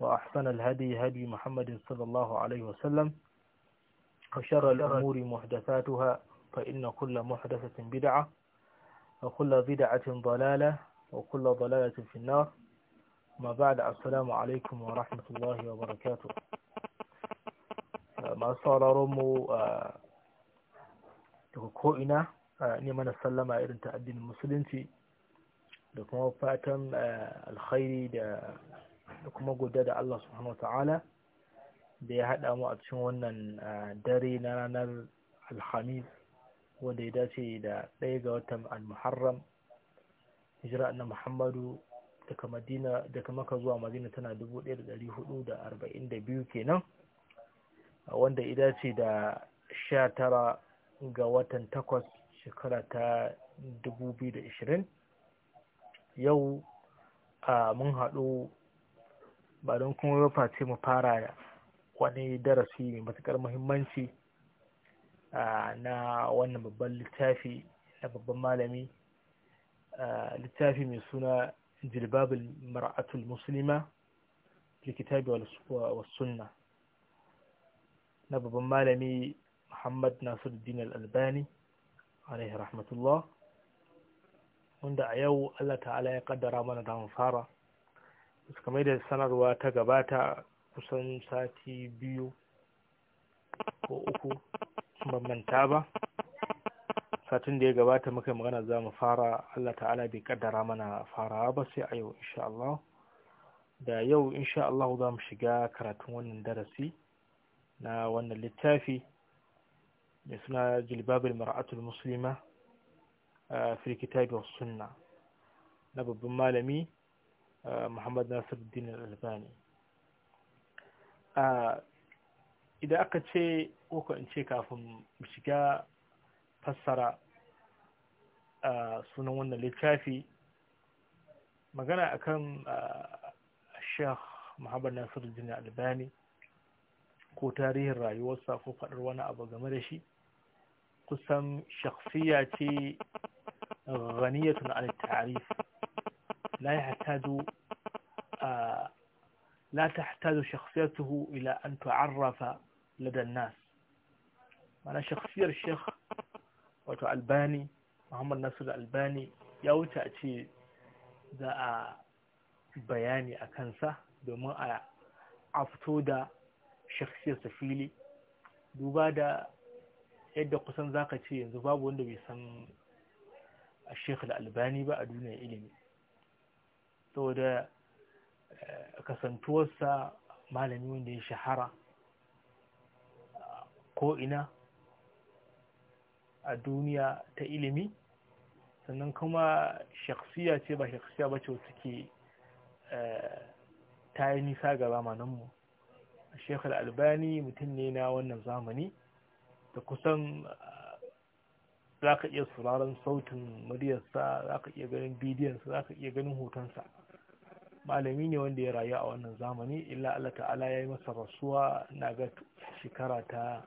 وأحسن الهدي هدي محمد صلى الله عليه وسلم وشر الأمور محدثاتها فإن كل محدثة بدعة وكل بدعة ضلالة وكل ضلالة في النار ما بعد السلام عليكم ورحمة الله وبركاته ما صار رمو ko'ina آه، نعم آه، نسلم sallama irin المسلمين لكم musulunci آه، الخير da kuma godiya da Allah subhanahu ta'ala da ya haɗa mu a cikin wannan dare na ranar alhamis wanda ya dace da ɗaya ga watan al-muharram hijira na muhammadu daga madina daga maka zuwa madina tana 1442 kenan wanda ya dace da 19 ga watan takwas shekara ta 2020 yau mun haɗu ba don kuma ba ce mu fara wani darasi mai matuƙar muhimmanci na wannan babban littafi na babban malami littafi mai suna jilbabul mar'atul muslima likitabi wa sunna na babban malami muhammad nasiruddin al-albani alaihi rahmatullah wanda a yau allah ta'ala ya kaddara mana da mu fara kamar da sanarwa ta gabata kusan sati biyu ko uku bambanta ba satin da ya gabata muka magana za mu fara Allah ta'ala bai kaddara mana farawa ba sai a yau insha Allah da yau insha Allah za mu shiga karatun wannan darasi na wannan littafi mai suna jilbabin mara'atul muslima a ah, kitabi sunna na babban malami muhammad nasiruddin albani idan aka ce ko in ce kafin shiga fassara sunan wannan littafi magana akan sheikh muhammad nasiruddin albani ko tarihin rayuwarsa ko faɗar wani abu game da shi kusan shakfiya ce ghaniyatun al-ta'rif لا يحتاج آه لا تحتاج شخصيته إلى أن تعرف لدى الناس معنى شخصية الشيخ wato albani muhammad nasiru albani ya wuce a ce za a bayani a kansa domin a fito da shakhsiyarsa fili duba da yadda kusan zaka ce yanzu babu wanda bai san a shekul albani ba a duniyar ilimi saboda eh, kasantuwarsa malami wanda ya shahara ina a duniya ta ilimi sannan kuma shaksiya ce ba shaksiya ba ce wata ke eh, ta yi nisa ga zamaninmu shekar albani mutum ne na wannan zamani da kusan eh, za ka iya sauraron sautin muryarsa za ka iya ganin bidiyonsa za ka iya ganin hotonsa malami ne wanda ya rayu a wannan zamani illa Allah ta'ala ya yi masa rasuwa na ga shekara ta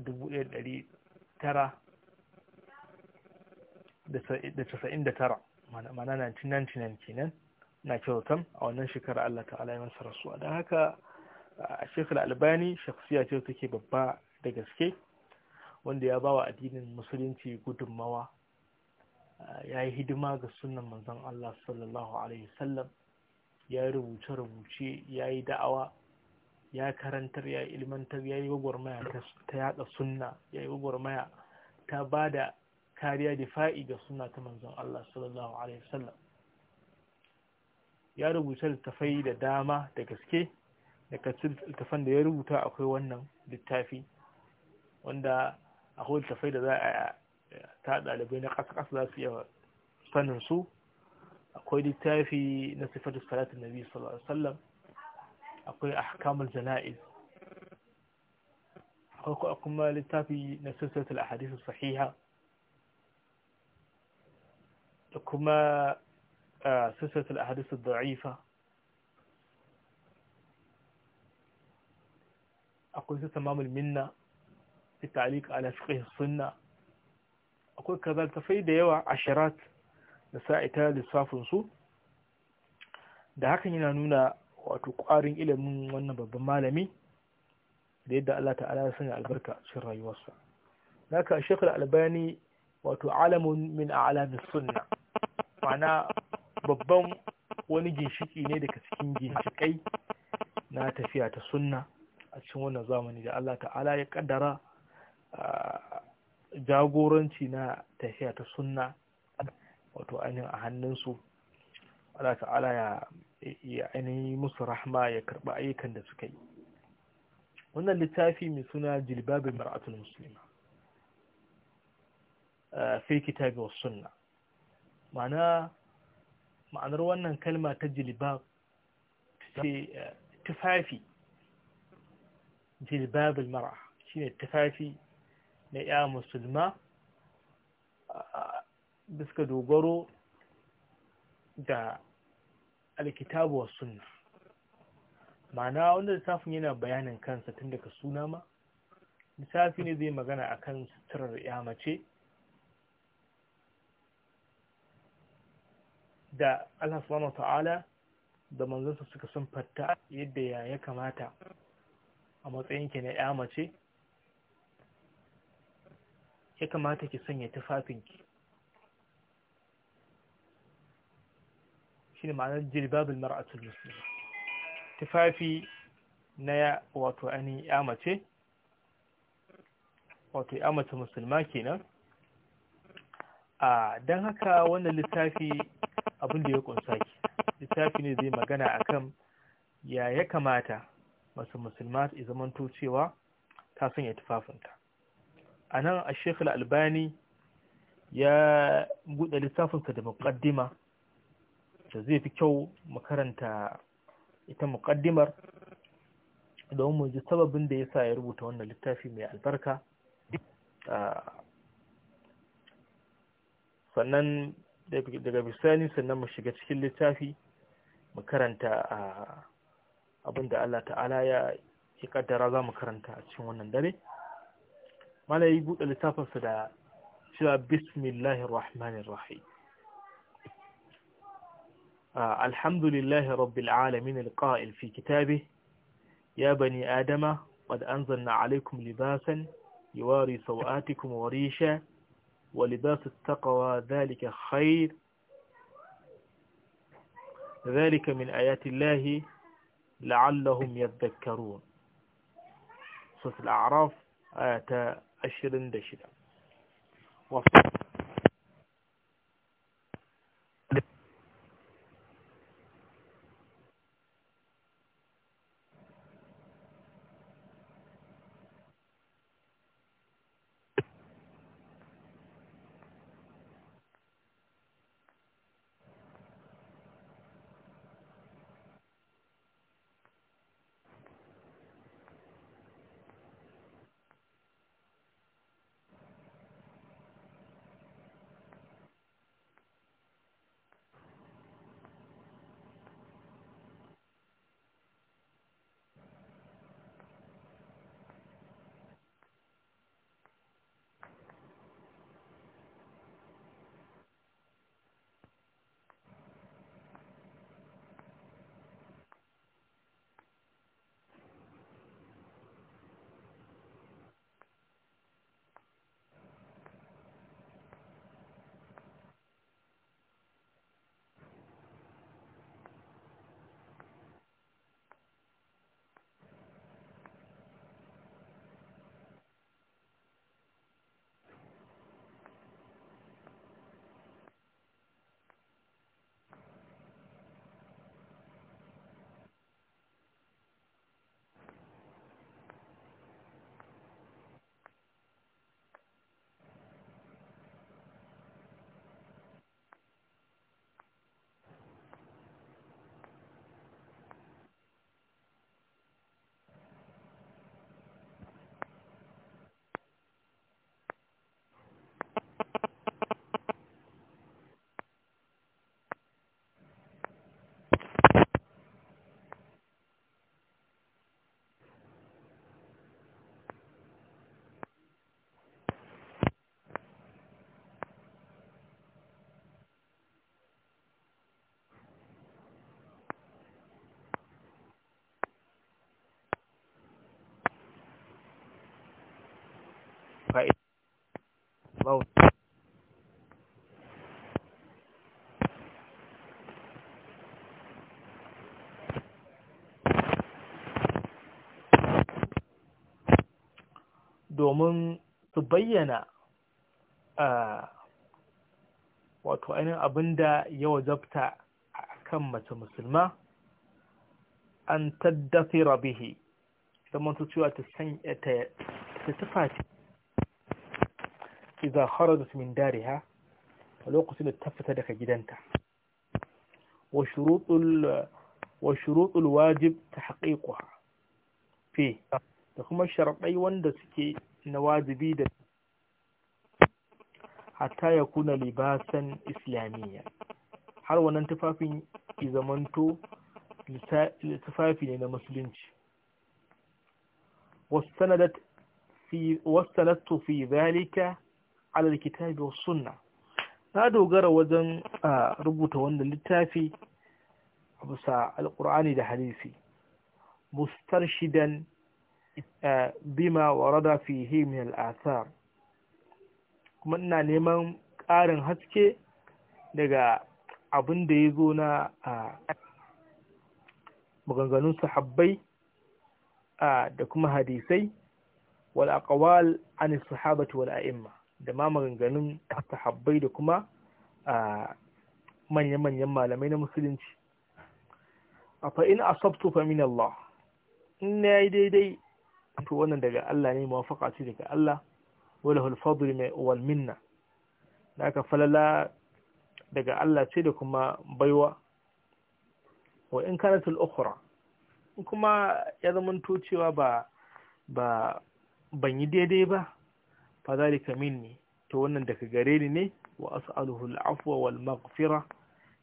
1999 mana 1999 kenan na kyautan a wannan shekara Allah ta'ala ya yi masa rasuwa don haka a shekara albani shaksiya ce take babba da gaske wanda ya bawa addinin musulunci gudunmawa ya yi hidima ga sunan manzon Allah sallallahu alaihi wasallam ya yi rubuce-rubuce ya yi da'awa ya karantar ya yi ilmantar ya yi gwagwarmaya ta yaɗa sunna ya yi gwagwarmaya ta ba da kariya difa'i ga suna ta manzon Allah sallallahu alaihi wasallam ya rubuce littafai da dama da gaske daga littafan da ya rubuta akwai wannan littafi wanda akwai littafai da za a ta ɗalibai na ƙasa ƙasa za su iya sanin su akwai littafi na sifatu salatin nabi sallallahu alaihi wasallam akwai ahkamul jana'iz akwai kuma littafi na silsilatul ahadith sahiha da kuma silsilatul ahadith da'ifa akwai su tamamul minna في التعليق على فقه السنه akwai kaza da yawa a sharat da sa'ita lissafin su da hakan yana nuna wato ƙwarin ilimin wannan babban malami da yadda Allah ta'ala ya sanya albarka cikin rayuwarsa naka shekul albani wato alamun min a'lamis sunna mana babban wani ginshiki ne daga cikin ginshikai na tafiya ta sunna a cikin wannan zamani da Allah ta'ala ya kaddara ah, jagoranci na tafiya ta sunna wato ainihin a hannunsu Allah ta'ala ya ya ainihin musu rahma ya karɓi ayyukan da suka yi wannan littafi mai suna jilbabin mar'atul musulma eh, fi kitabi wa sunna ma'ana ma'anar wannan kalma ta jilbab eh, tufafi jilbabin mar'a shine tufafi na ya musulma biska dogaro da alkitabu wa sunna ma'ana wanda lissafin yana bayanin kansa tun daga suna ma littafi ne zai magana a kan suturar ya mace da Allah subhanahu ta'ala da manzansa suka sun fatta yadda ya kamata a matsayin ki na ya mace ya kamata ki sanya tufafinki shi ne ma'anar jirbabin mar'atul musulmi, tufafi na ya wato ainihin ya mace wato ya mace musulma kenan a don haka wannan littafi abin ya kunsa ki littafi ne zai magana akan ya ya kamata masu musulma su zamanto ta sanya tufafinta a nan a shekul albani ya buɗe littafinsa da muƙaddima da zai fi kyau makaranta ita muƙaddimar don mu ji sababin da ya sa ya rubuta wannan littafi mai albarka sannan daga bisani sannan mu shiga cikin littafi mu karanta abinda Allah ta'ala ya kaddara za mu karanta a cikin wannan dare mala ya yi buɗe littafinsa da cewa bismillahir rahmanir rahim alhamdulillahi rabbil alamin alqa'il fi kitabe ya bani adama qad anzalna alaykum libasan yuwari sawatikum wa risha wa libasut taqwa dhalika khair ذلك من آيات الله لعلهم يذكرون سورة الأعراف آية ashirin da shida domin su bayyana wato ainihin abin da ya wajabta a kan mace musulma an taddafira rabihi saman su cewa ta sanya ta tufafi idan kharajat min dariha a lokacin da ta fita daga gidanta wa shuruɗul wajib ta haƙiƙuwa fi da kuma sharɗai wanda suke na wajibi da hatta ya kuna libasan islamiyya har wannan tufafin izamanto tufafi ne na musulunci wasanattu fi zalika alal kitabi was sunna na dogara wajen rubuta wannan littafi bisa alkur'ani da hadisi mustar shidan bima warada fihi min al'athar kuma ina neman ƙarin haske daga abin da ya zo na maganganun sahabbai da kuma hadisai wal aqwal an sahabati wal a'imma da ma maganganun sahabbai da kuma manya-manyan malamai na musulunci a in asabtu fa min Allah in na daidai to wannan daga Allah ne mawafaka ce daga Allah wala hulfadul mai wal minna da aka falala daga Allah ce da kuma baiwa wa in kanatul ukhra kuma ya to cewa ba ba ban yi daidai ba fa zalika minni to wannan daga gare ni ne wa as'aluhu al-afwa wal maghfira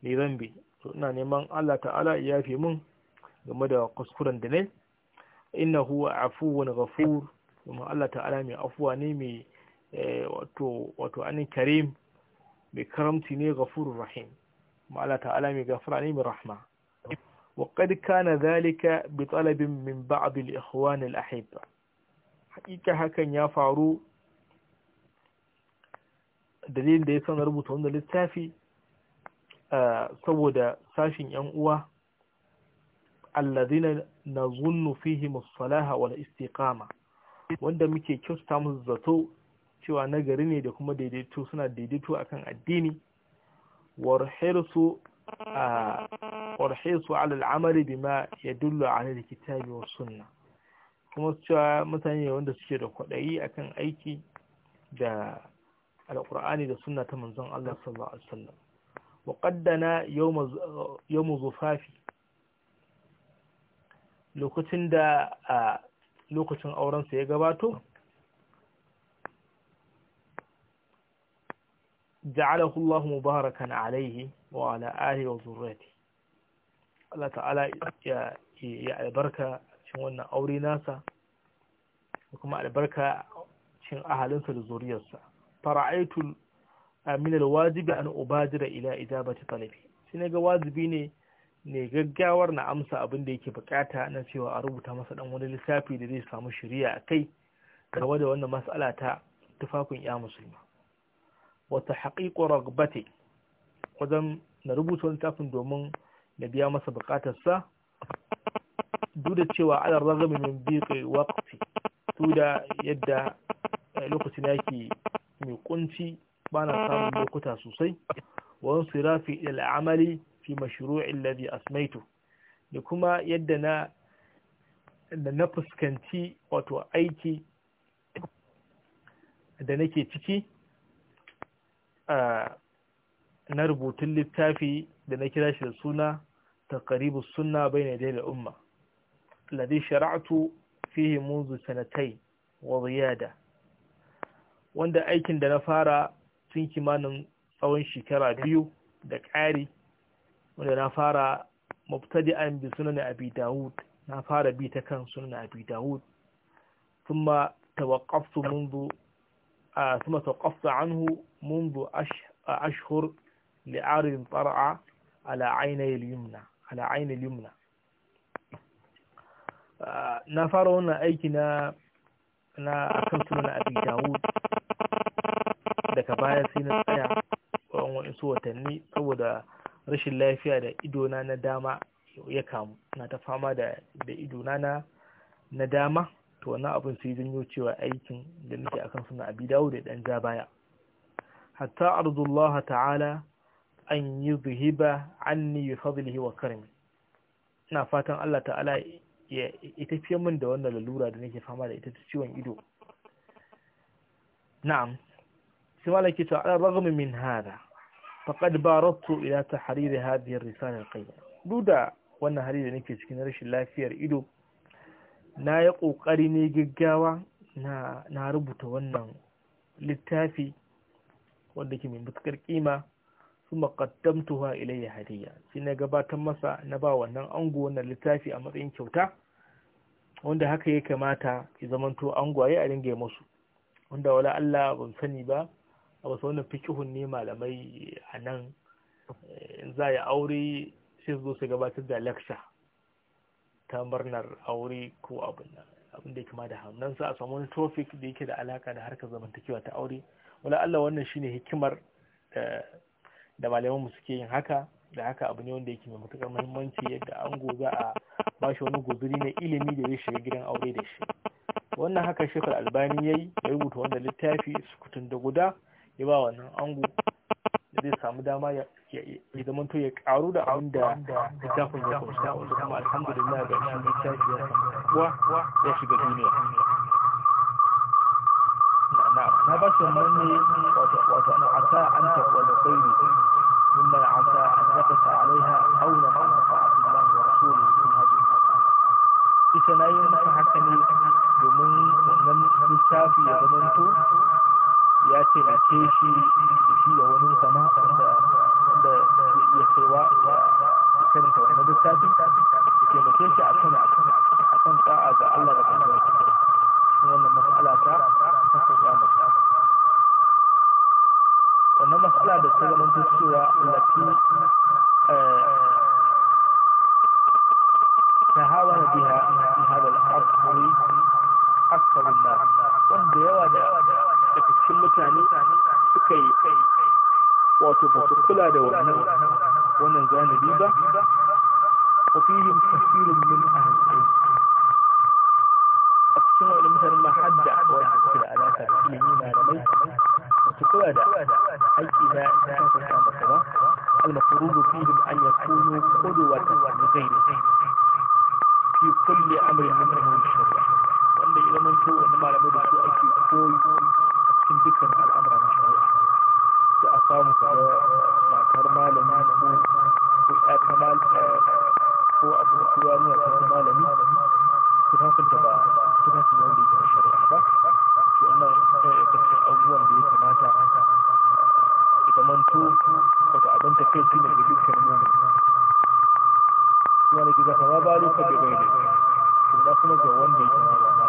li dhanbi to ina neman Allah ta'ala ya yafe mun game da kuskuren da ne inna huwa afuwun ghafur domin Allah ta'ala mai afuwa ne mai eh, wato wato anin karim mai karamci ne ghafurur rahim kuma Allah ta'ala mai gafara ne mai rahma wa qad kana zalika bi talabin min ba'd al ikhwan al ahibba hakika hakan ya faru dalilin da ya sanar rubuta wannan littafi eh, saboda sashin yan uwa allazina na zunnu fihi musalaha wal istiqama wanda muke kyauta musu zato cewa nagari ne da kuma daidaito suna daidaito akan addini warhirsu warhirsu ala al'amali bima yadullu ala alkitabi was sunna kuma cewa mutane wanda suke da kwaɗayi akan aiki da alƙur'ani da sunna ta manzon Allah sallallahu alaihi wasallam وقدنا يوم يوم lokacin da a lokacin aurensa ya gabato ja'alahu Allah mubarakan alaihi wa ala alihi wa zurriyati Allah ta'ala ya ya albarka cikin wannan aure nasa kuma albarka cikin ahalinsa da zuriyarsa fara'aitul min alwajibi an ubadira ila ijabati talabi sai ga wajibi ne ne gaggawar na amsa abin da yake bukata na cewa a rubuta masa dan wani lissafi da zai samu shiriya a kai game da wannan mas'ala ta tufafin ya musulma wata haƙiƙo ragbate wajen na rubuta wani tafin domin na biya masa bukatarsa duk da cewa ala ragami min biƙi waƙfi su da yadda eh, lokacin yake mai kunci ba na samun lokuta sosai wani sirafi amali fi mashru'in ladhi asmaitu da kuma yadda na na fuskanci wato aiki da nake ciki na rubutun littafi da na kira shi da suna karibu sunna bai na al-umma alladhi shara'tu fihi منذ sanatayn wa ziyada wanda aikin da na fara tun kimanin tsawon shekara biyu da ƙari wanda na fara mubtadi'an bi sunan abi dawud na fara bi ta kan sunan abi dawud thumma tawaqqaftu منذ anhu mundu ashhur li'arid tar'a ala 'aynay al-yumna ala 'aynay al-yumna na fara wannan aiki na na kan sunan abi dawud daga baya sai na tsaya wannan su watanni saboda rashin lafiya da idona na dama ya kamu na ta fama da idona na dama to wannan abin sai janyo cewa aikin da nake akan suna abi dawo da dan ja baya hatta arzullah ta'ala an yi zuhiba anni bi fadlihi wa karmi ina fatan Allah ta'ala ya itafiye min da wannan lalura da nake fama da ita ta ciwon ido na'am sai malaki ta'ala ragmi min hada faƙad ba rattu ila ta hariri hadiyar risalar ƙayya duk da wannan hari nake cikin rashin lafiyar ido na yi kokari ne gaggawa na rubuta wannan littafi wanda ke min mutukar ƙima kuma qaddamtuha ilayya hadiya shi na gabatar masa na ba wannan ango wannan littafi a matsayin kyauta wanda haka ya kamata ki zamanto angwaye a ringe musu wanda wala Allah ban sani ba a wasu wannan fikihun ne malamai a nan eh, za a yi aure sai zo su gabatar da laksha ta murnar aure ko abin da ya kama da hannun sa a samu wani tofik da yake da alaka da harkar zamantakewa ta aure wala Allah wannan shine hikimar eh, da malaman mu suke yin haka da haka abu ne wanda yake mai matukar muhimmanci yadda an goza a bashi wani guzuri na ilimi da ya shiga gidan aure da shi wannan haka shekar albani ya yi rubuta wanda littafi sukutun da guda ya ba wannan ango da zai samu dama ya zama to ya karu da abin da littafin ya kunsa wanda kuma alhamdulillah ga shi littafi ya samu ya shiga duniya na ba shi wannan ne wato ana asa an taɓa da kwairi mimman asa an nakasa alaiha auna ma'amata abdullahi wa rasulu sun hajji ita na yi masa haka ne domin wannan littafi ya zama to ya taimake shi da shi da wani zama wanda wanda zai iya kaiwa da karanta wannan littafi ya taimake shi a kan a kan da'a ga Allah da kan cikin wannan mas'ala ta ta kiyama wannan mas'ala da ta zama ta cewa lati تهاون بها في هذا الأمر أكثر الناس وان ديوا ديوا cikin mutane suka yi wato ba su kula da wannan wannan zanabi ba wa fihim kasirun min ahli a cikin wani mutane ma hadda wanda suke da alaka da ilimi malamai ba su kula da aiki na kafin masa ba al-mafrudu fihim an yakunu qudwatan li ghayrihim fi kulli amrin min umuri shari'a wanda ya zama to wanda malamai da su ake koyi ذكر الأمر ما شاء الله سأقامك مع كرمال كرمال هو أبو أخواني كرمال اتفاق الجباء اتفاق المولي في الشريعة شو أن تفسير أول بيك ماتا إذا من تو وتعبن تكير فينا بيك المومي سوالك إذا فما بالك بغيرك كما كما جوان بيك ماتا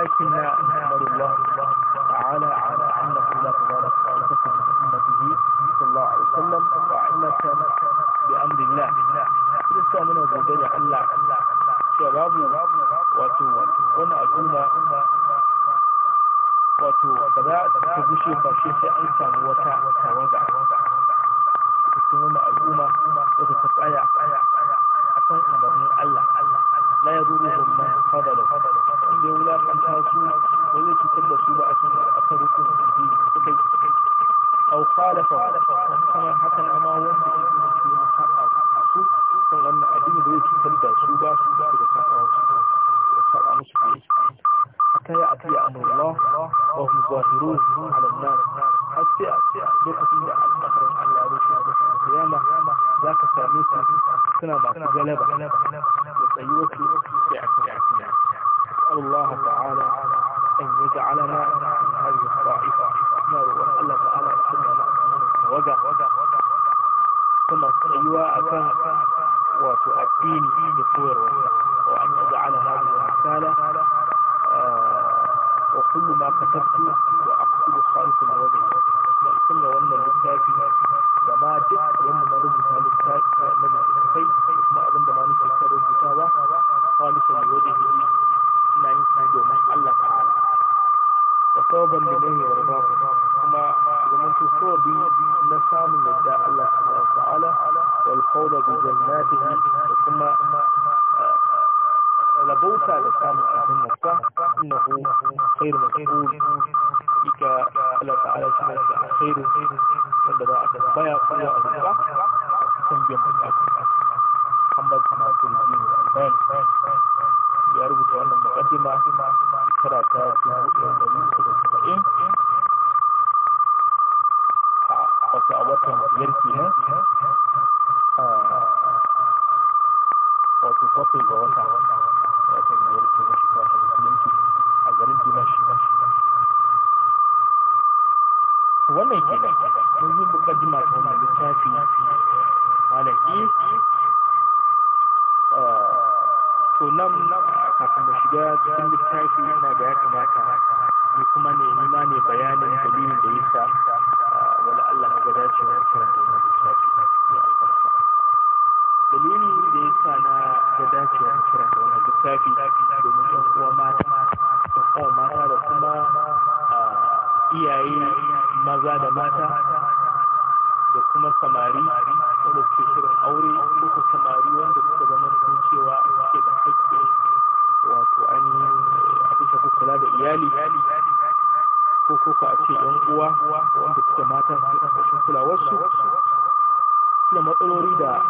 ولكن نحمد الله تعالى على انه لا تبارك وتعالى امته صلى الله عليه وسلم كان بامر الله لسه من وجودنا الا شباب وتو وانا اقول وتو كذا تبشي فشيخ ان كان وتا wanda ya wulakanta su wani cutar da su ba a cikin akan rukun addini suka yi au khalafa kamar haka na ma wanda ya yi su ya saba su kan wannan addini da ya cutar da su ba su ba da saba wasu da saba musu ke haka ya abiya amurullah wa hum zahirun ala nan hatta lokacin da al'amarin Allah ya rushe a bisa kiyama za ka same su suna masu galaba da tsayuwa الله تعالى أن يجعلنا من هذه الطائفة نار وألا تعالى أن ثم ايواءك كان وتؤدين بقوة وأن يجعل هذه الرسالة آه، وكل ما كتبت وأقصد خالص الوجه ثم وأن الكتاب كما جئت وأن ما رجع الكتاب من الكتاب ما أظن ما نسيت رجعتها خالص الوجه suna yin suna domin Allah ta'ala wa sababan da ne yarda kuma zaman to sababi na samun yadda Allah subhanahu wa ta'ala wal qawla bi jannatihi da kuma labauta da samun aljannarsa innahu khairu mas'ul ika Allah ta'ala shi ne da khairu wanda za a tambaya ko ya abuka kan biyan bukatu amma kuma kullu ne ya rubuta wannan muqaddima shekara ta a wata watan ne? kenan wato bakwai ga wata watan biyar kenan shekara ta musulunci a garin dimash wannan kenan mun yi muqaddima ta wannan littafi malaki to nan kafin da shiga cikin littafi yana da ya kamata ni kuma ne ni ma ne bayanin dalilin da yasa ah, wala Allah na ga dacewa da karanta wannan littafi ya albarka dalilin da yasa na ga dacewa da karanta wannan littafi domin ɗan uwa mata ɗan uwa mata da kuma ah, iyaye maza da mata da kuma samari wanda suke shirin aure ko samari wanda suka zama sun cewa suke da haƙƙin wato ainihin abin shafi kula da iyali ko koko a ce yan uwa wanda suke mata su ƙarƙashin kulawarsu suna matsaloli da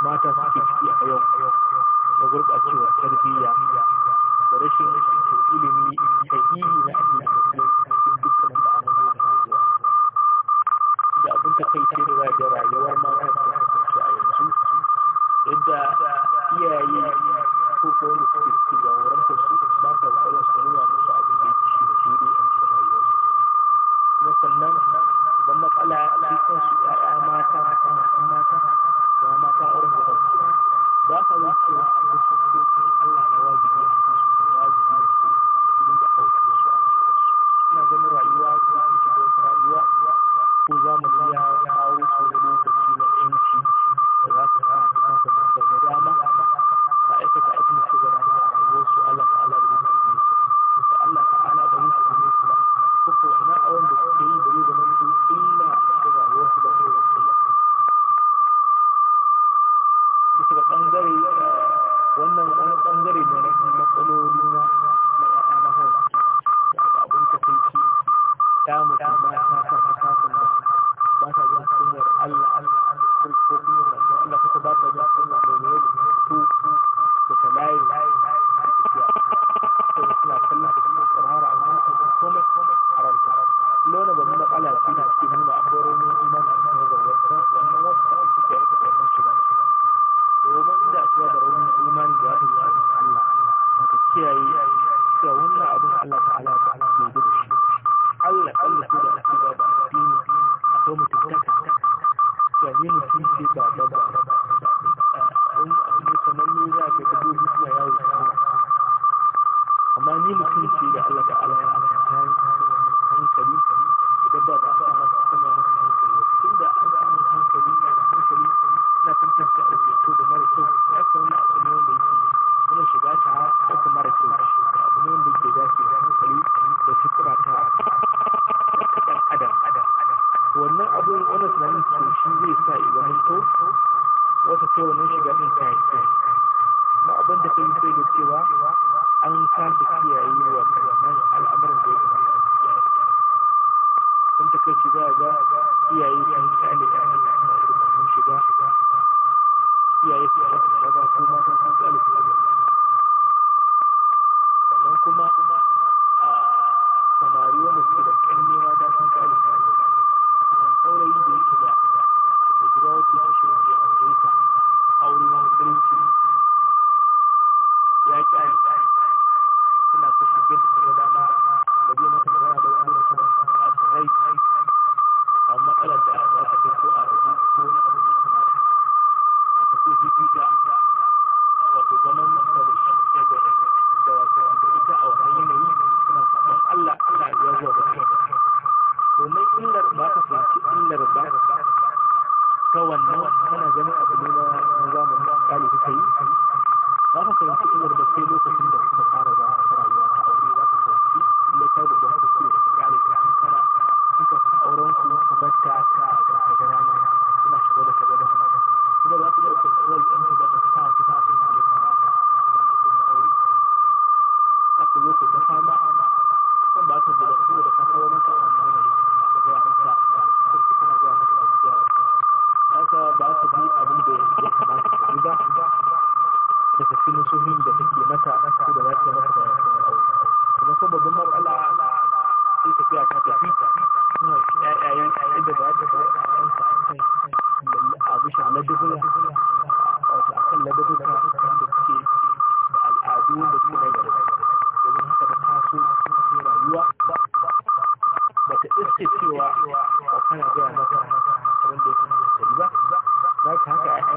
mata suke ciki a yau na gurɓacewa tarbiyya da rashin ilimi sahihi na addinin musulunci dukkanin da an zo da da abin ta kai ce da da rayuwa ma ta kasance a yanzu yadda iyaye ko ko wani ɗansa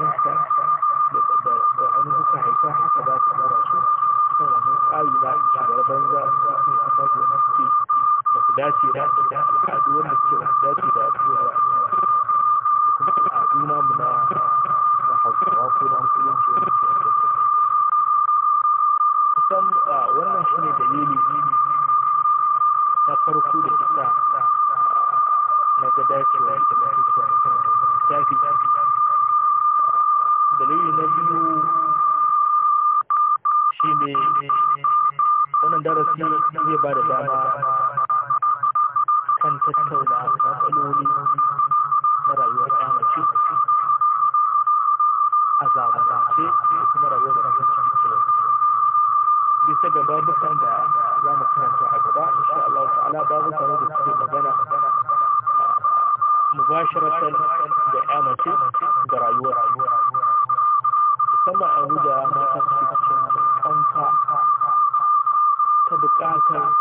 da hannu suka haifa haka za ka ɗora su kan wani tsari na shugaban banza za su yi kasa da suke ba su dace da al'adu wanda suke ba su dace da al'adu kuma al'adu namu na na hausawa ko na musulunci wanda ke da kusan wannan shi ne dalili na farko da isa na ga dacewa da mutuwa kan tafi na biyu shi ne wannan darasi zai ba da dama kan tattauna matsaloli na rayuwar yamace a zamanance da kuma rayuwar da kasance bisa ga babukan da za mu karanta a gaba insha Allah ta'ala babukan da suke magana mubasharatan da mace da rayuwar a huda mata su cikin kanka ta bukatar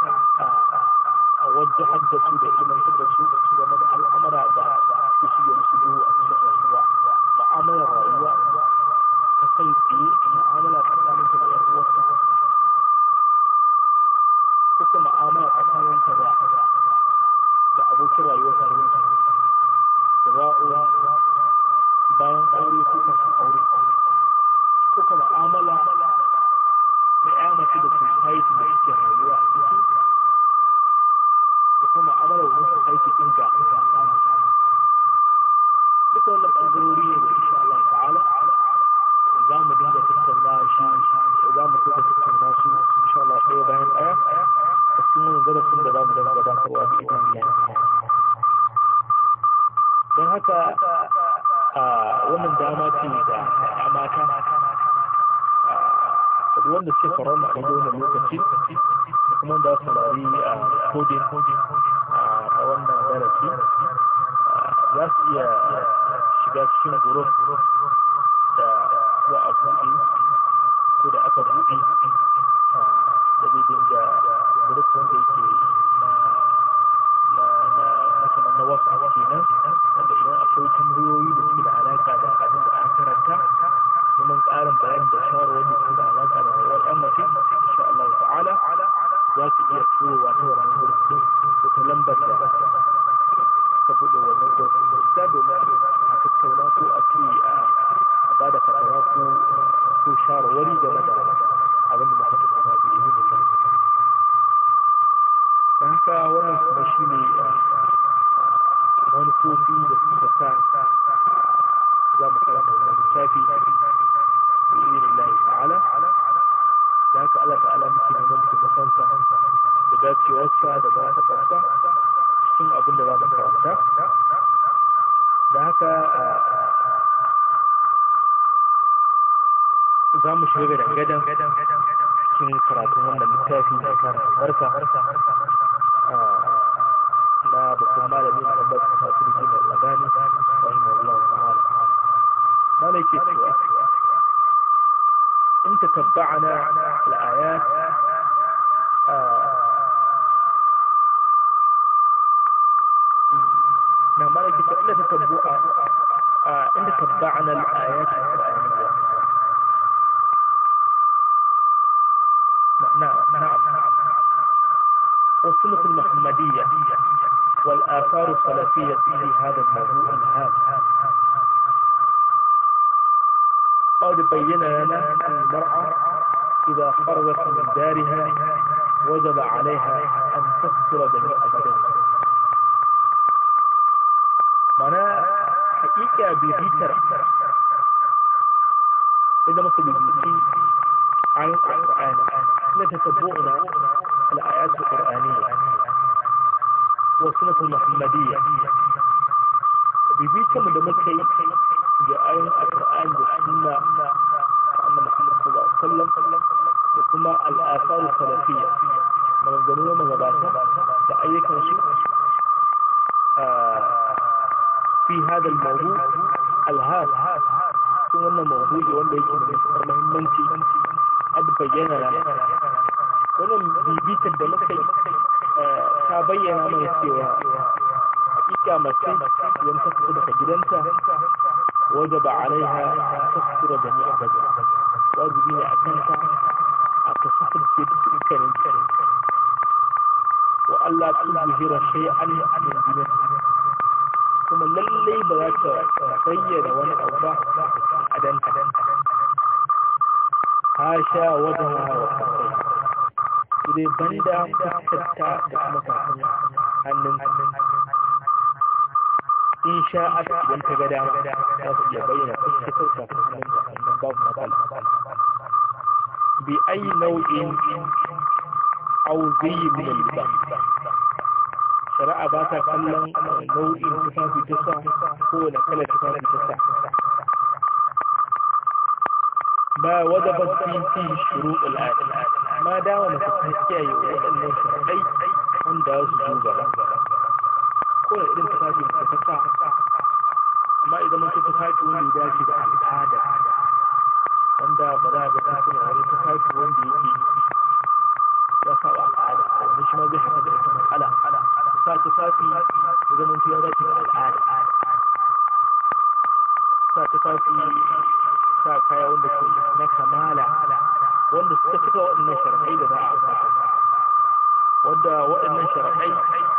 a wajen haddasu da ilmantar da su game da al'amura da su shige musu duwa هيك بحكيها لوحدك وكما عمله ونص هيك تنجع بكل لك الضرورية إن شاء الله تعالى إذا ما بدنا تكتب لا شيء إذا ما بدنا تكتب لا شيء إن شاء الله إيه بعدين إيه بس من غير سند إذا ما بدنا بدنا سوا بإذن الله ده هكا ااا ومن دامات إذا أماكن da wanda suke sauraron a ɗan wani lokaci da kuma wanda su a kodin a wannan darasi ah, za su iya shiga cikin gurup da za a buɗe ko da aka buɗe ah, da zai dinga gurup wanda yake na kamar na wasu kenan wanda idan akwai tambayoyi da suke da alaƙa da abin da aka karanta domin ƙarin bayan da shawarwar da su da alaƙa da rayuwar ɗan mace ta'ala za su iya turowa ta wannan gurbin ko ta lambar da ta buɗe wannan gurbin da ita domin a tattauna ko a ce a ba da fatawa ko ko shawarwari game da don da suka sa za mu ta'ala da haka Allah ta'ala muke neman taimakonsa da dacewarsa da ba ta ƙarfa cikin abin da za mu karanta da haka za mu shiga da gadan cikin karatun wannan littafi da kara barka na babban malami na babban fasir jini al-magani rahimahullahu ta'ala malai ke cewa آه. نعم، آه، إن تتبعنا الآيات نعم malaki ta inda suka نعم نعم inda نعم نعم والسنة المحمدية والآثار السلفية في هذا الموضوع الهام وقد بين لنا أن المرأة إذا خرجت من دارها وجب عليها أن تستر جميع الجنة معنى حقيقة بيتر إذا ما تبيبيتي عن القرآن نتتبعنا الآيات القرآنية والسنة المحمدية بيبيتر من دمكي جاءين القرآن عنده سنة عن محمد صلى الله عليه وسلم وكما الآثار السلفية من زمنه من غباته فأيك نشيء في هذا الموضوع الهاد كون wannan mawdu'i wanda yake da matuƙar muhimmanci a bayyana wannan bibitar da muka yi ta bayyana mana cewa hakika mace idan ta fito daga gidanta وجب عليها أن تخسر جميع بدر واجب أن تنسى أن تخسر في الكل وأن لا تظهر شيئا من دينك ثم للي بغاك سيد وانا أوضاع أدن هاشا وجهها وخطيها إذا بندا تتا دعمك أن ننسى إنشاء أنت قدام أصدق بين كل مبال بأي نوع أو ذي من البن شراء باتا كلا نوع تفاق تسع هو لكلا تفاق تسع ما وضبت في في شروع الآن ما داوى نفسك هكي أيوة أنه شرعي عند أصدق بلا kawai irin tufafi da ta sa amma idan mutum tufafi wanda ya dace da al'ada wanda ba za a ga tafi a wani tufafi wanda yake ya saba al'ada wani shi ma zai haifar da ita matsala sa tufafi ya zama ya dace da al'ada sa tufafi sa kaya wanda ke na kamala wanda suka cika waɗannan sharafai da za a ambata wanda waɗannan sharafai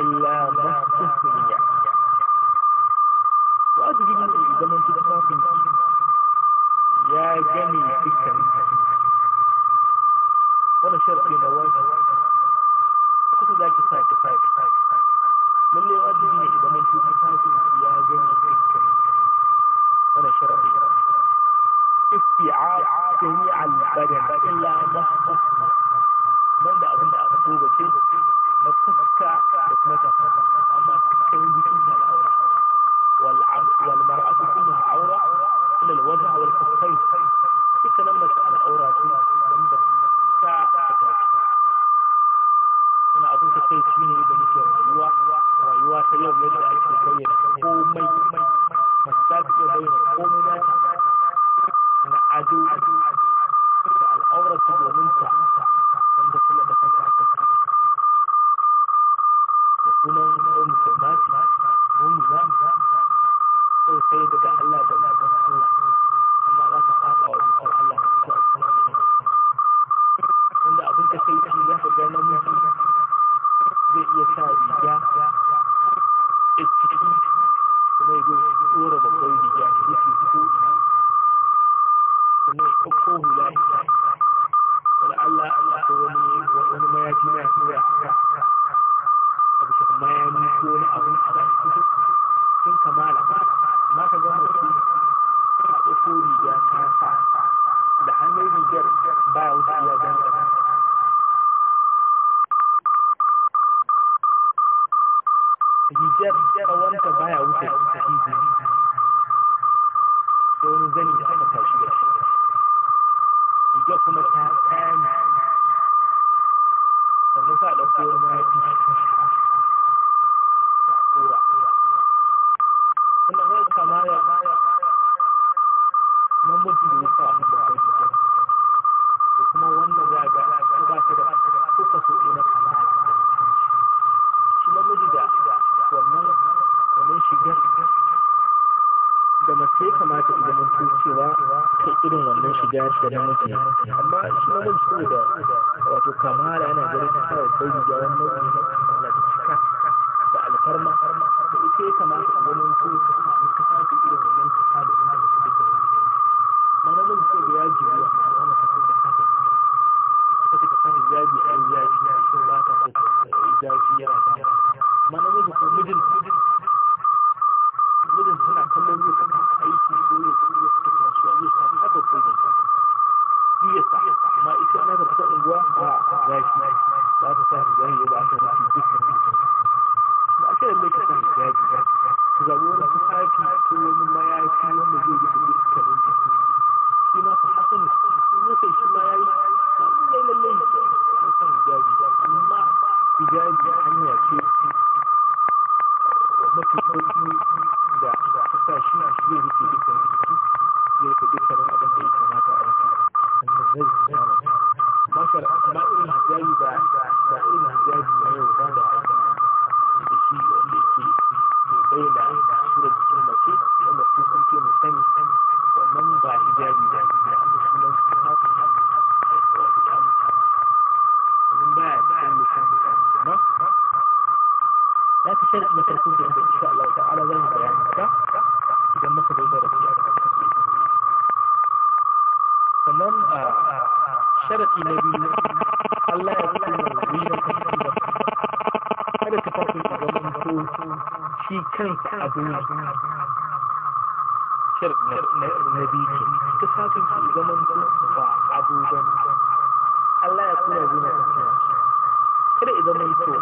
إلا نفسه هي وأدري زمن تتفاق يا جميع فكرة ولا شرق لنا واجه كنت ذاك فاك فاك فاك من اللي أدري زمن تتفاق يا جميع فكرة ولا شرق لنا استعاد جميع البدن إلا نفسه من ده أبنى أبنى أبنى أبنى حكمتك أما تستوي بكم العورة والمرأة تكون العورة إلى الوجه والكفين تتنمت العورة تنبت فأكبر أنا أظن كتير شيء يبغى يصير رايوا رايوا سيوم يبدأ أكل كبير كومي مستعد كبير كومي ناس أنا عدو الأورا تقول أنت kai daga Allah da labar Allah amma za ka fata wa dukkan Allah da kuma suna da nan wanda abin da sai shi za ka ga namiji zai iya sa riga ya ciki kuma ya zo tsora babban riga ya ce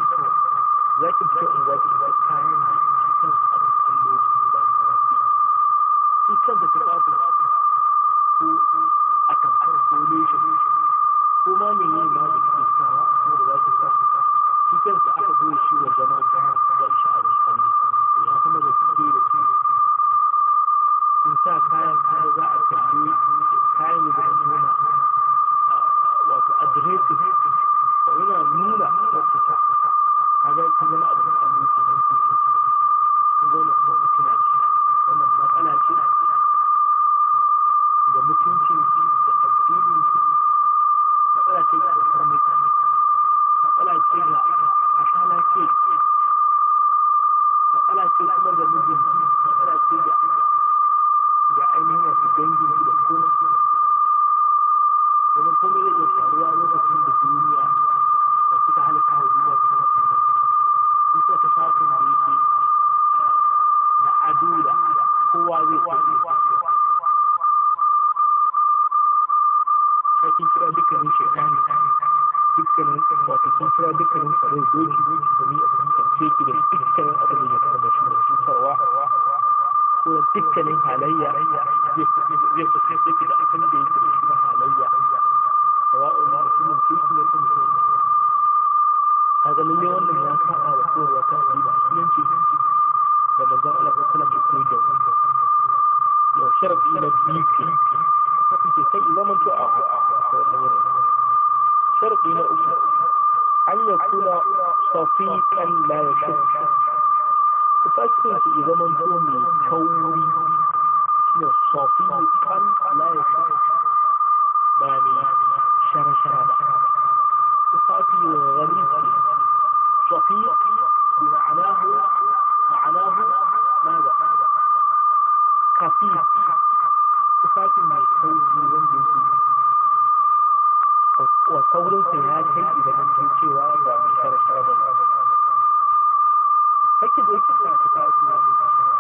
kansu za ki fito in za ki ga kayan da shi kansu abin kallo ba shi kansa ta kafa ko a tamfar ko leshin ko ma me yi ma da kike sawa a kuma da za ki sa shi kansa aka goye shi wa zama kayan za ki sha abin kallo ya kuma da kike da sharafi na biyu ke kuke sai imaman to a sharafi na uku an ya kuna safiƙan la ya shirka ku sake ki izaman to mai kauri shine safiƙan la ya shirka ba ne shara-shara ba ku sake rari safiƙ بمعناه معناه ماذا خفيف saurinsa ya kai idan sun cewa ba mai shara shara ba ne. Kake doki ta ta ta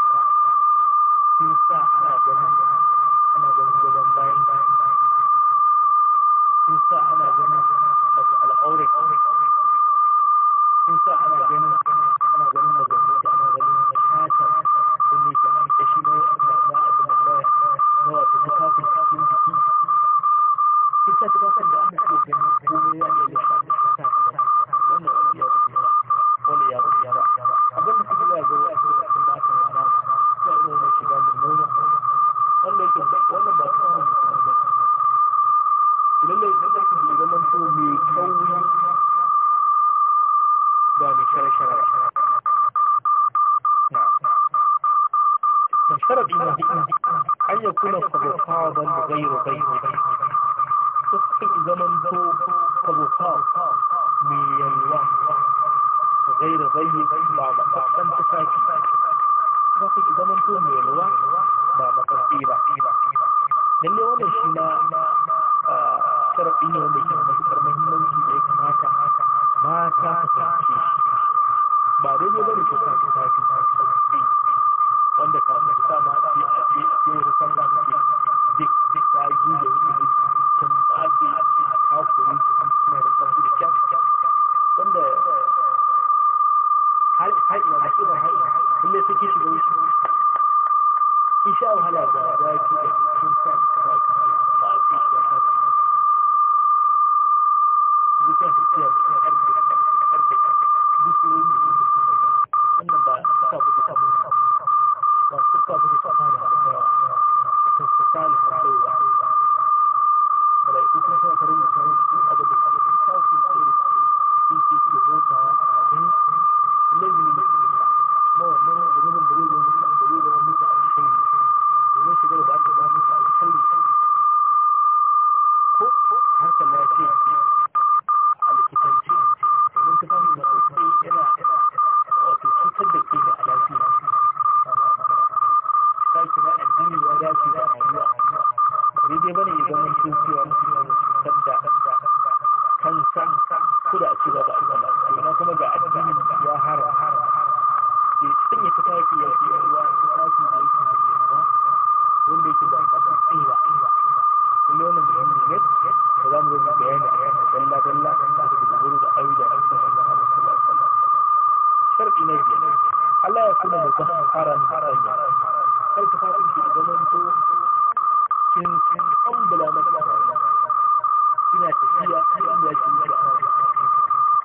zamanto kabukar mai yalwa غير ضيق باب فقط تساكي وفي زمن mai yalwa ba makarfi ba lalle wannan shi ma ah, sharafi ne wanda ke mahimmanci da ya kamata mata su kwanci ba daidai ba ne ta sa tufafi wanda kafin sa ma a a a dalla dalla da dogaro da ayoyi da ayyukan sallallahu alaihi wasallam sharadi na biyar Allah ya kuma mutum haram haram kar ka fara ki zaman to kin kin ambula na kina tafiya kina da kin da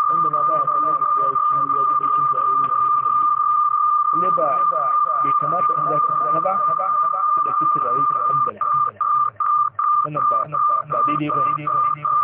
wanda ma ba ya kalla da ya ya ji da kin zaro ne ba bai kamata in za ka ba da kitu da yake ambula wannan ba ba daidai ba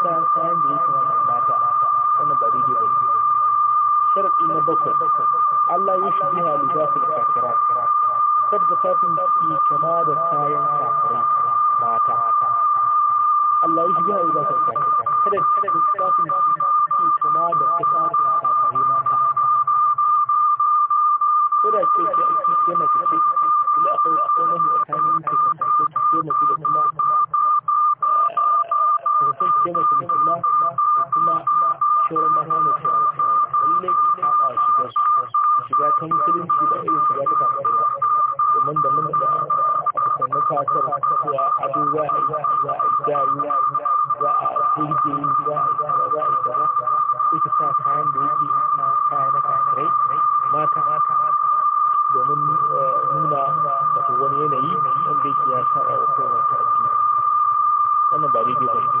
mata kayan da ya kamata da mata wannan ba daidai ba sharaɗi na bakwai Allah ya shi biya lidafin kakira kadda fatin ke kama da kayan kafirai mata Allah ya shi biya lidafin kakira kada kada fatin ke kama da kafirai kafirai mata koda ce da ake yana kace kula akwai akwai wani tsakanin da kake da kuma da kuma da kasance mace musulma da kuma shauran mata na cewa lallai ta a shiga shiga ta musulunci da irin shiga ta kafin ba domin da mun da aka sami fatar cewa ado za a yi za a yi dayi za a turge za a yi za a yi kaza ita sa kayan da yake na kaya na kafirai mata domin nuna wani yanayi wanda yake ya saba wa kowace wannan ba daidai ba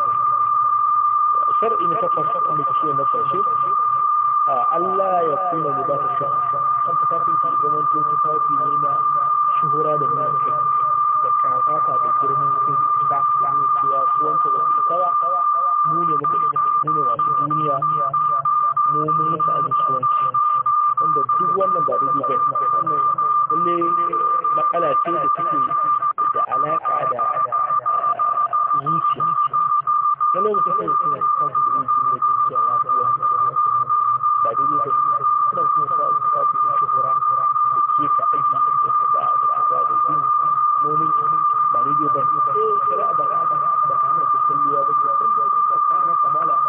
shar'i na takwas wanda ke shirin na farshe a Allah ya kuna mu ba ta sha kan ta kafin ki zaman to ta kafi ne na shuhura da nuna kai da kafafa da girman kai da cewa ta da ta kawa mu ne muka mu ne masu duniya mu mu mun ta da suwanci wanda duk wannan ba daidai ba wannan lalle makala ce da take da alaka da zuciya na lokacin da suna na su ba daidai da su da su da su da su da shuhura da ke ta aiki ba daidai ba da ta hana ta ta wanda ta ce ta amma sa da na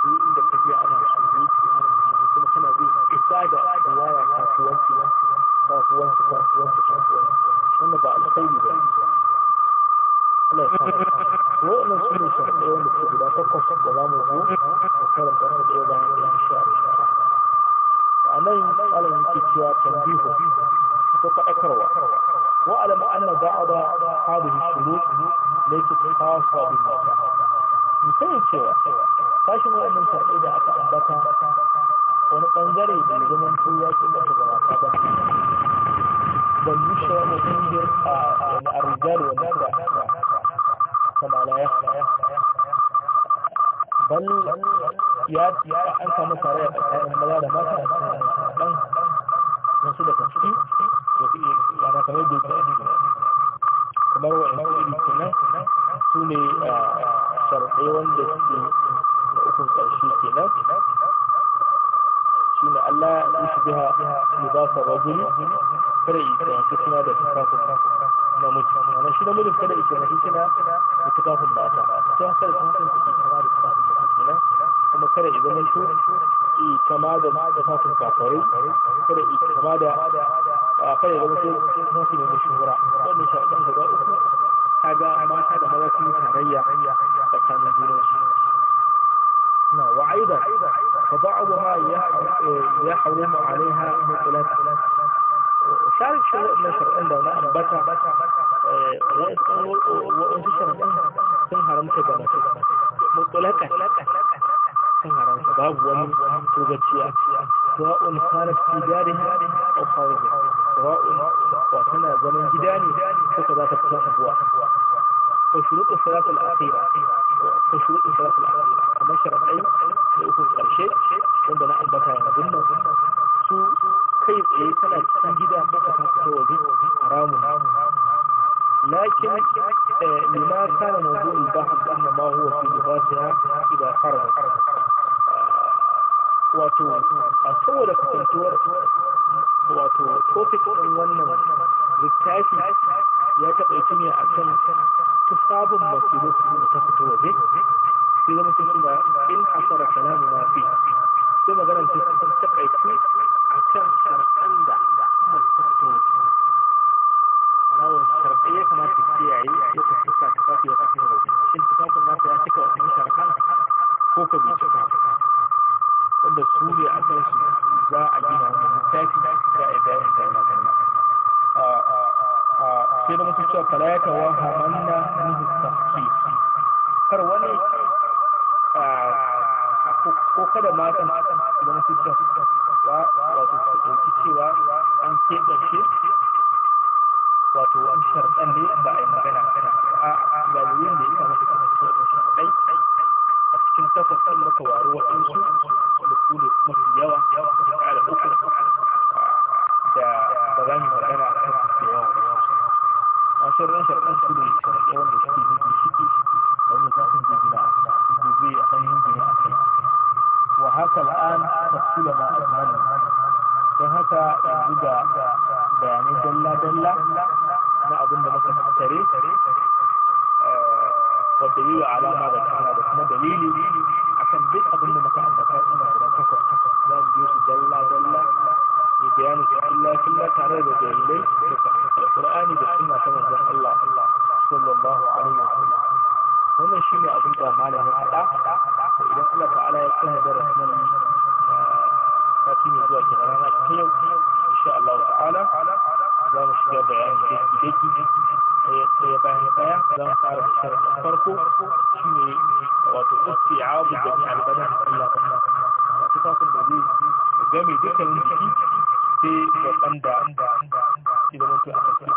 inda ka ana shi ana kuma kana zai isa da waya kasuwanci wanda ba alkhairi ba Allah ya kama wannan su ne shafi wanda ke guda takwas da za mu zo da karanta su ɗaya bayan ɗaya insha Allah a nan alam yake cewa tambihu ko faɗakarwa wa alam anna ba'da hadhihi shurut laysa khassa bil mata mutum cewa sashin wa'annan shafi da aka ambata wani bangare bai zaman to ya ci mata da mata ba ban yi shawar da kungiyar a rigar wa daga kamalaya Ban ya an samu tare a tsakanin maza da mata a cikin dan wasu da ciki da fi yana kamar da kamar wa'in iri kenan su ne sharɗai wanda suke da ukun ƙarshe kenan لا يشبه لباس الرجل فرعي كما يعني يعني كنا ده أنا شو نمجي فرعي كما كنا ده سوى كده تكافل تكي كما ده تكافل كما كده إذا مشو إي كما ده تكافل كافري كده كما ده آه، كده إذا مشو تكافل مشهورة وإن شاء الله ده أخو هذا ما هذا ملكي تهرية تكامل جنوش نعم وأيضا فبعضها يحرم عليها مثلات تعرف شو نشر عندنا نعم بتع وانتشر عندنا تنهرم تبنا مطلقا تنهرم باب ومن توجيه سواء كانت في دارها أو خارجها سواء وكان زمن جداني فكذا تفتح واحد وشروط الصلاة الأخيرة وشروط الصلاة الأخيرة أما شرطين da ukun karshe wanda na albaka ya abin nan su kai tsaye tana cikin gida ko ka fita waje haramun lakin eh, lima kana mawdu al-bahth anna ma huwa fi libasiha idha kharaja ah, wato a saboda kasantuwar wato topic ɗin wannan littafi ya taɓa ne a kan tufafin masu lokacin da ta fito waje sai zama sun da in hasara kalamu ma fi sai maganar ta sun takaitu a kan sharɗan da mutum alawar sharɗai ya kamata ta kiyaye lokacin sa ta fafi ya fafi na wajen shin ta fafi nasa ya cika wannan sharɗan ko ka bincika wanda su ne a kan su za a gina wannan littafi za a yi bayan da yana gani sai da mutum cewa fala ya tawa hamanna muhu tafsir kamata zama hujja wato su ɗauki cewa an shi wato wani sharɗan ne ba a yi magana a ga wurin da ya kamata ka fito da sharɗai a cikin takwas ɗin maka waro waɗansu wanda su ne mafi yawa da ƙara uku da ba za mu magana a kan su da yawa a sharɗan sharɗan su ne sharɗai wanda suke nufi shi ke wanda za su a kan zai a kan yin a kai وهكا الآن تفصيل ما أجمل وهكا يوجد بيان دلا دلا ما أظن مكة مكتري آه، والدليل على ماذا كان هذا ما دليلي عشان بيت أظن مكة مكتري أنا أظن مكة لأن جيوش دلا دلا يبياني كلا كلا تعرض دلي القرآن بسنة تمام الله الله صلى الله عليه وسلم هنا شيء أظن ما له مكة فإذا خلف على يكتها درسنا فاتين يدوك غرانا كيو إن شاء الله تعالى زام الشجاب بيان بيكي بيكي هي بيان بيان زام تعرف الشرق أكبركو شمي واتو أكي عابد جميع البدن صلى الله عليه وسلم واتفاق البديل جامي ديكا لنكي تي وطندا إذا ممكن أكتب